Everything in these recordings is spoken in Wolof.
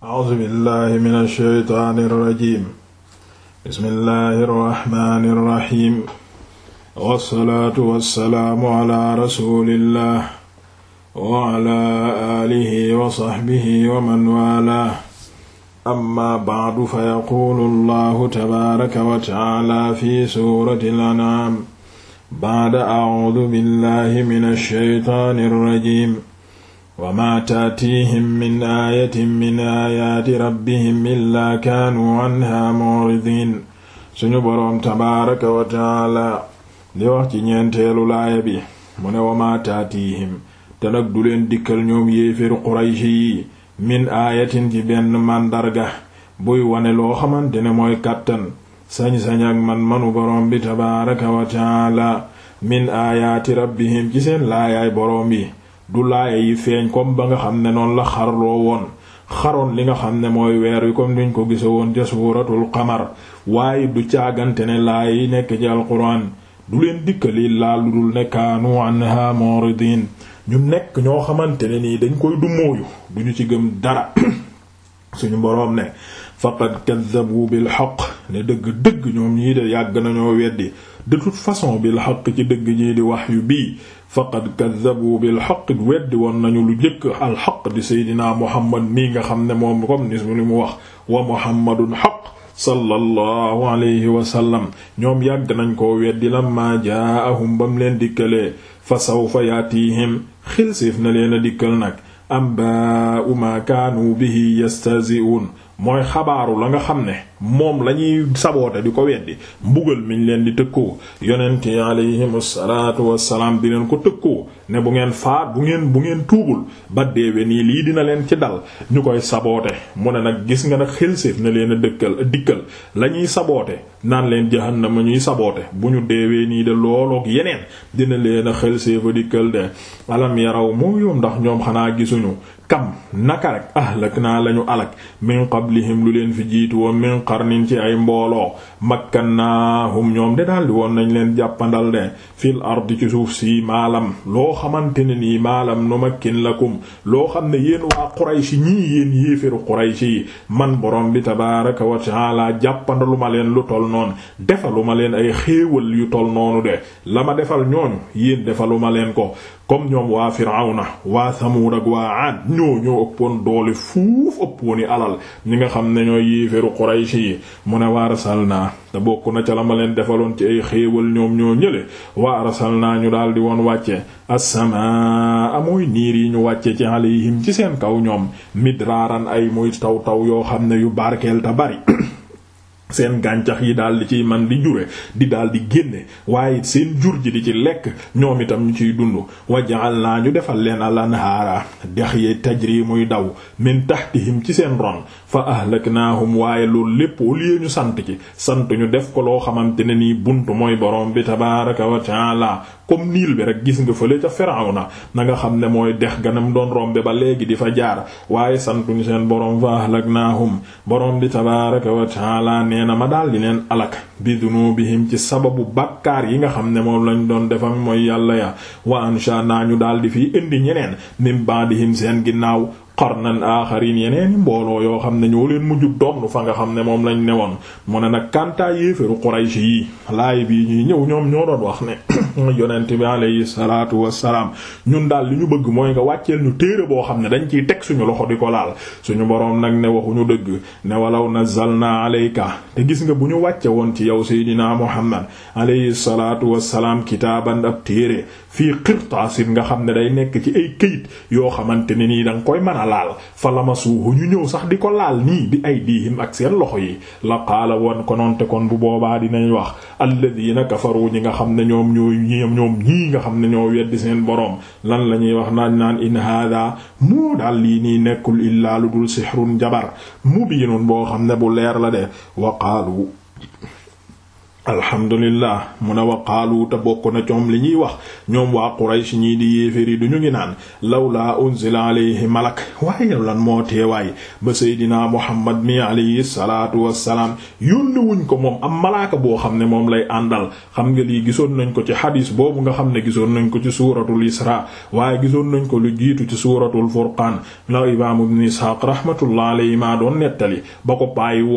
a'uuzu billahi min alsheytaani irrajim bismillahi irrahmani irrahim wassalaatu wassalaamu ala rasulillah wa ala alihi wa saxbihi wa man waalaa amma ba'du fa yaquulu allahu tabaaraka wa ta'aala fi suurati al-an'aam ba'da a'uuzu billahi min alsheytaani irrajim wa ma taatihim min aayatin min aayaati rabbihim illaa kaanuu anhaa suñu boroom tabaaraka wa li wax ci ñeenteelu laaya bi mu ne wa ma taatihim te du leen dikkal ñoom yéeféru qurayshi yi min aayatin ci benn màndarga buy wane loo xamante ne mooy kattan sañ-sañ ak man-manu boroom bi tabaaraka wa taala min aayaati rabbihim ci seen laayaay boroom yi du laaya yi feeñ comme ba nga xam ne noonu la xarloo woon xaroon li nga xam ne mooy weer wi comme niñ ko gise woon ca suuratul waaye du caagante ne laaya yi nekk ci alquran du leen dikkali laa lu dul ne kaanu anha muridin ñu nekk ñoo xamante ne nii dañ koy dummóoyu duñu ci gëm dara suñu boroom ne faqad kaddabu bil haqq ne dëgg dëgg ñoom ñii de yàgg nañoo weddi de toute façon bil xaq ci dëgg ñii di wax yu bii faqad kaddabu la xaq weddi woon nañu lu jëkk al xaq di seydinaa muhammad mii nga xam ne moom comme ni mu wax wa muhammadun xaq sallallahu alayhi wa sallam ñoom yàgg nañ koo weddi lamma jaa'ahum bam leen dikkalee fa sawfa yaatihim xilsif na leen a dikkal nag amba uma kaanu bihi yastazi'un mooy xabaaru la nga xam ne moom la ñuy saboote di ko weddi mbugal miñ leen di tëkkoo yonent yi alayhimu salaatu wassalaam di leen ko tëkkoo ne bu ngeen faat bu ngeen bu ngeen tuubul ba deewe nii lii dina leen ci dal ñu koy saboote mu ne nag gis nga nag xelséef na leen a dëkkal dikkal la ñuy saboote naan leen jahannama ñuy saboote bu ñu deewee nii de looloog yeneen dina leen a xelséef a dikkal de alam yaraw mu ndax ñoom xanaa gisuñu kam naka rek ahlak naa lañu alak min qablihim lu leen fi jiitu woon min qarnin ci ay mbooloo makkannaahum ñoom de daal di woon nañ leen jàppandal de fil ardi ci suuf si maalam loo xamante ne nii maalam numakkin lakum loo xam ne yéen waa qurayshi ñii yéen yéeféru qurayshi yi man borom bi tabaaraka wa ta'aala jàppandalu ma leen lu tol noonu defaluma leen ay xéewal yu tol noonu de la ma defal ñooñu yéen defaluma leen ko comme ñoom waa Firawna waa Samud ak waa Aad ñoo ñoo ëppoon doole fuuf ëppooni alal ñi nga xam ne ñooy yéeféru Quraysh yi mu ne wa naa te bokk na ca la ma leen defaloon ci ay xéewal ñoom ñoo ñële wa naa ñu daal di woon wàcce as-samaa mooy niir yi ñu wàcce ci alayhim ci seen kaw ñoom midraaran ay muy taw taw yoo xam ne yu barkeel ta bari seen gàncax yi daal di ciy man di jure di daal di génne waaye seen jur ji di ci lekk ñoom itam ñu ciy dund wajaal naa ñu defal leen al anhaara dex yi tajri muy daw min tahtihim ci seen ron fa ahlaknaahum waaye loolu lépp au lieu ñu sant ci sant ñu def ko loo xamante ne nii bunt mooy borom bi tabaaraka wa taala comme niil bi rek gis nga fële ca Firawna na nga xam ne mooy dex ganam doon rombe ba léegi di fa jaar waaye santuñ seen borom fa ahlaknaahum borom di tabaaraka wa taala nee na ma daal di leen alak bi dunubihim ci sababu bakkaar yi nga xam ne moom lañ doon defam mooy yàlla ya wa ansha naa ñu daal di fiy indi ñeneen min baadihim seen ginnaaw qarnan aaxarin yeneen mbooloo yoo xam ne ñoo leen mujj doom fa nga xam ne moom lañ newoon mu ne nag kantaa yéeféru Quraysh yi laay bii ñuy ñëw ñoom ñoo doon wax ne yonent bi alayhi salaatu wassalaam ñun daal li ñu bëgg mooy nga wàcceel ñu téere boo xam ne dañ ciy teg suñu loxo di ko laal suñu boroom nag ne waxuñu dëgg ne walaw nazzalna alayka te gis nga bu ñu wàcce woon ci yow seydinaa Muhammad alayhi salaatu wassalaam kitaaban ab téere fii qirtaasin nga xam ne day nekk ci ay këyit yoo xamante ne nii danga koy manal laal fa lamasuuhu ñu ñëw sax di ko laal nii bi ay diihim ak seen loxo yi la qaala woon kononte kon bu boobaa dinañ wax alladina kafaru ñi nga xam ne ñoom ñooy ñoom ñii nga xam ne ñoo weddi seen boroom lan la ñuy wax naan naan in hada mu daal lii nii nekkul illaa lu dul sihrun jabar mubiinun boo xam ne bu leer la de wa qaalu alhamdulillah mu ne wa qaalu te bokk na coom li ñuy wax ñoom waa Quraysh ñii di yéeféri du ñu ngi naan lawla unzila alayhi malak waaye lan moo teewaay ba seydinaa Muhammad mi alayhi salaatu wassalaam yónni wuñ ko moom am malaaka boo xam ne moom lay àndal xam nga lii gisoon nañ ko ci xadiis boobu nga xam ne gisoon nañ ko ci suuratul Isra waaye gisoon nañ ko lu jiitu ci suuratul Furqaan la imaam ibn Isxaaq rahmatullah alayhi maa doon nettali ba ko bàyyi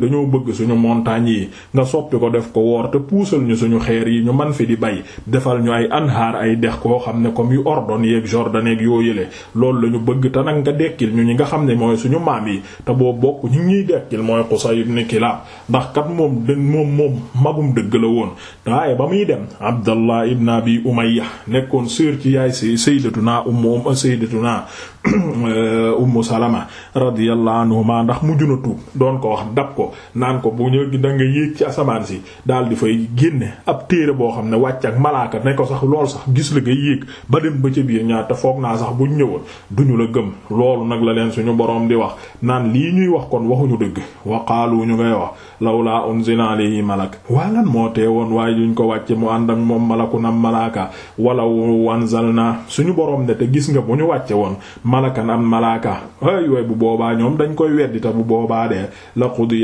dañoo bëgg suñu montagnes yi nga soppi ko def ko woor te puusal ñu suñu xeer yi ñu man fi di bay defal ñu ay anhaar ay dex koo xam ne comme yu Ordon yeeg Jordan yeeg yoo yële loolu la ñu bëgg te nag nga dekkil ñu ñi nga xam ne mooy suñu maam yi te boo bokk ñu ngi ñuy dekkil mooy Qusay ibn Kilab ndax kat moom dën moom moom magum dëgg la woon waaye ba muy dem Abdallah ibn Abi Umayya nekkoon sœur ci yaay sayyidatuna ummu umm, euh, sayyidatuna euh, ummu Salama radiyallahu anhuma ndax mujj na tuub doon ko wax dab ko kaw naan ko bu ñu da nga yéeg ci asamaan si daal di fay génne ab téere boo xam ne wàcc ak malaaka ne ko sax lool sax gis la nga yéeg ba dem ba ca biir ñaata foog naa sax bu ñu duñu la gëm loolu nag la leen suñu boroom di wax naan lii ñuy wax kon waxuñu dëgg waqaalu ñu ngay wax laa unzila alayhi malak waa lan moo tee woon waaye duñ ko wàcce mu ànd ak moom malaku nam malaaka walaw anzalna suñu boroom ne te gis nga bu ñu wàcce woon malakan am malaaka ay way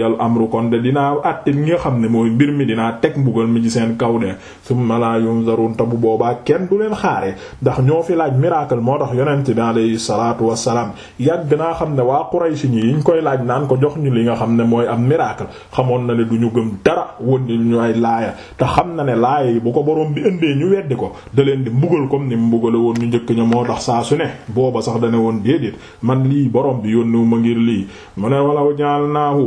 al amru de dinaa àtte li xam ne mooy mbir mi dinaa teg mbugal mi ci seen kaw de summa la yunzarun ta bu boobaa kenn du leen xaare ndax ñoo fi laaj miracle moo tax yonent bi alayhi salaatu wassalaam yàgg naa xam ne waa Quraysh ñi yiñ laaj naan ko jox ñu li nga xam ne mooy am miracle xamoon na ne du ñu gëm dara won ñu ay laaya te xam na ne laaya yi bu ko boroom bi indee ñu weddi ko da leen di mbugal comme ni mbugale woon ñu njëkk ña moo tax saa su ne booba sax dane woon déedéet man lii borom bi yónniwu ma ngir lii mu ne walaw jaalnaahu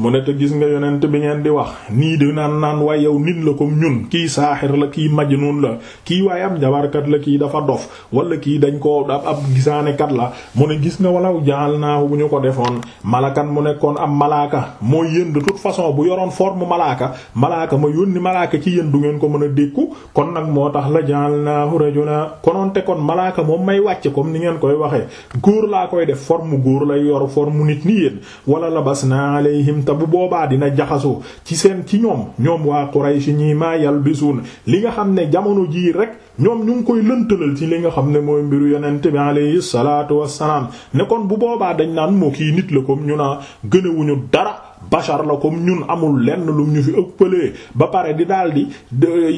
mu ne te gis nga yonent bi ngeen di wax nii di naan naan waaye yow nit la comme ñun kii saaxir la kii majnuun la kii waaye ab jabarkat la kii dafa dof wala kii dañ ko ab ab gisaanekat la mu ne gis nga walaw jaal naa bu ñu ko defoon malakan mu nekkoon am malaaka mooy yéen de toute bu yoroon forme malaaka malaaka ma yónni malaaka ci yéen du ngeen ko mën a dékku kon nag moo tax la jaal naahu rajula konoonte kon malaaka moom may wàcc comme ni ngeen koy waxee góor laa koy def forme góor lay yor forme nit ni yéen wala labas na alayhim bu boobaa dina jaxasoo ci seen ci ñoom ñoom waa Quraysh ñii bi yalbisuun li nga xam ne jamono jii rek ñoom ñu ngi koy lëntalal ci li nga xam ne mooy mbiru yonent bi alayhi salaatu wassalaam ne kon bu boobaa dañ naan moo kii nit la comme ñu naa gënewuñu dara bashar la comme ñun amul lenn lum ñu fi ëppalee ba pare di daal di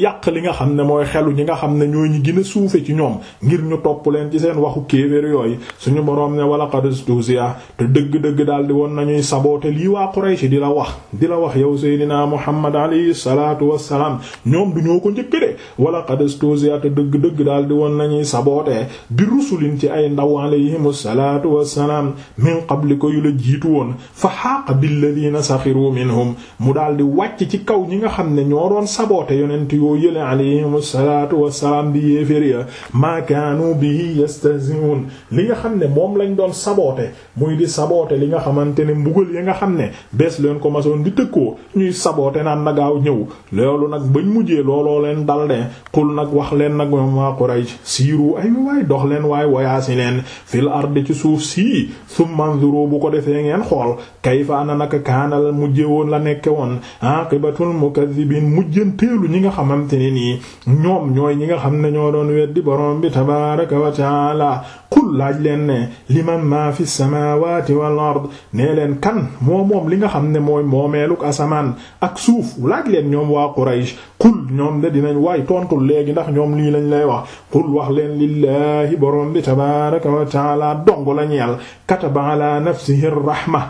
yàq li nga xam ne mooy xelu ñi nga xam ne ñoo ñi gën a suufe ci ñoom ngir ñu topp leen ci seen waxu kéeféer yooyu suñu boroom ne wala qad istuziya te dëgg-dëgg daal di woon nañuy saboote lii waa Quraysh di la wax di la wax yow Seydina Muhammad alayhi salaatu wassalaam ñoom du ñoo ko njëkk wala qad istuziya te dëgg-dëgg daal di woon nañuy saboote bi rusulin ci ay ndaw alayhimu salaatu wassalaam min qablika yu la jiitu woon fa haqa billadina alladina saxiru minhum mu di wàcc ci kaw ñi nga xam ne ñoo doon saboote yonent yoo yële alayhim salaatu wassalaam di yéefér ya maa kaanu bihi yastahzi'un li nga xam ne moom lañ doon saboote muy di saboote li nga xamante ne mbugal ya nga xam ne bees leen ko masoon di tëkkoo ñuy saboote naan na gaaw ñëw loolu nag bañ mujjee looloo leen dal de xul nag wax leen nag moom waa Quraysh siiru ay waaye dox leen waay wayaasi leen fil ardi ci suuf sii summa anzuru bu ko defee ngeen xool kayfa ana naka kaana la mujje woon la nekke woon aqibatul mukazzibin mujjanteelu ñi nga xamante ne nii ñoom ñooy ñi nga xam ne ñoo doon weddi borom bi tabaraka wa taala qul laaj leen ne liman ma fi samawati wal ard nee leen kan moo moom li nga xam ne mooy moomeeluk asamaan ak suuf laaj leen ñoom waa Quraysh qul ñoom de dinañ waay tontul léegi ndax ñoom lii lañ lay wax qul wax leen lillahi borom bi tabaraka wa taala dong la ñeel kataba ala nafsihi rahma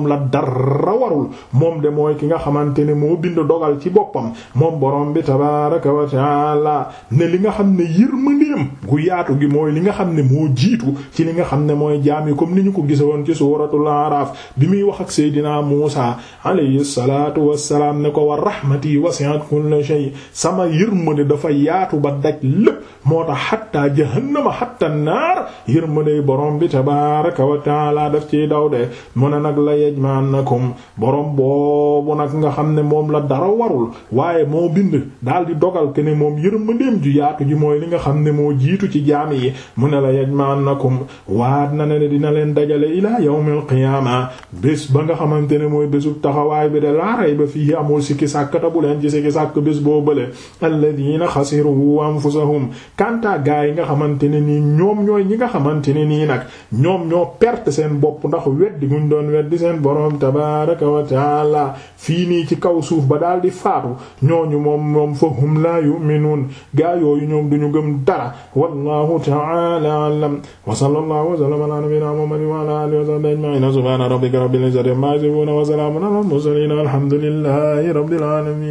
moom la dara warul moom de mooy ki nga xamante ne moo bind dogal ci boppam moom borom bi tabaaraka wa taala ne li nga xam ne yërmandeem gu yaatu gi mooy li nga xam ne moo jiitu ci li nga xam ne mooy jaam yi comme ni ñu ko gisoon ci suuratul Araaf bi muy wax ak Seydina Muusaa alayhi salaatu wassalaam ne ko wa rahmatii wasi'at kulla shay sama yërmande dafa yaatu ba daj moo tax hatta jahannama hatta tabaaraka wa taala daf daw de mu ne nag la yajma'annakum borom boobu nag nga xam ne moom la dara warul waaye moo bind daal di dogal ke ne moom yërmandeem ju yaatu ji mooy li nga xam ne moo jiitu ci jaam yi mu ne la yajma'annakum waat na ne dina leen dajale ilaa yawmil qiyaama bés ba nga xamante ne mooy bésub taxawaay bi de laa rayba fiihi amul sikki sàkkata bu leen ci sikki sàkk bés boo bële alladhiina xasiru anfusahum kanta gaa yi nga xamante ne nii ñoom ñooy ñi nga xamante ne nii nag ñoom ñoo perte seen bopp ndax seen boroom tabaaraka wa taala fii nii ci kaw suuf ba daal di faatu ñooñu moom moom fa hum laa yu'minuun gaa yooyu ñoom duñu gëm dara wallahu ta'ala a'lam wa sallallahu wa sallama ala nabiyyina muhammadin wa ala alihi wa sahbihi ajma'in subhana rabbika rabbil izzati amma yasifun wa salamun ala al mursalin alhamdulillahi rabbil alamin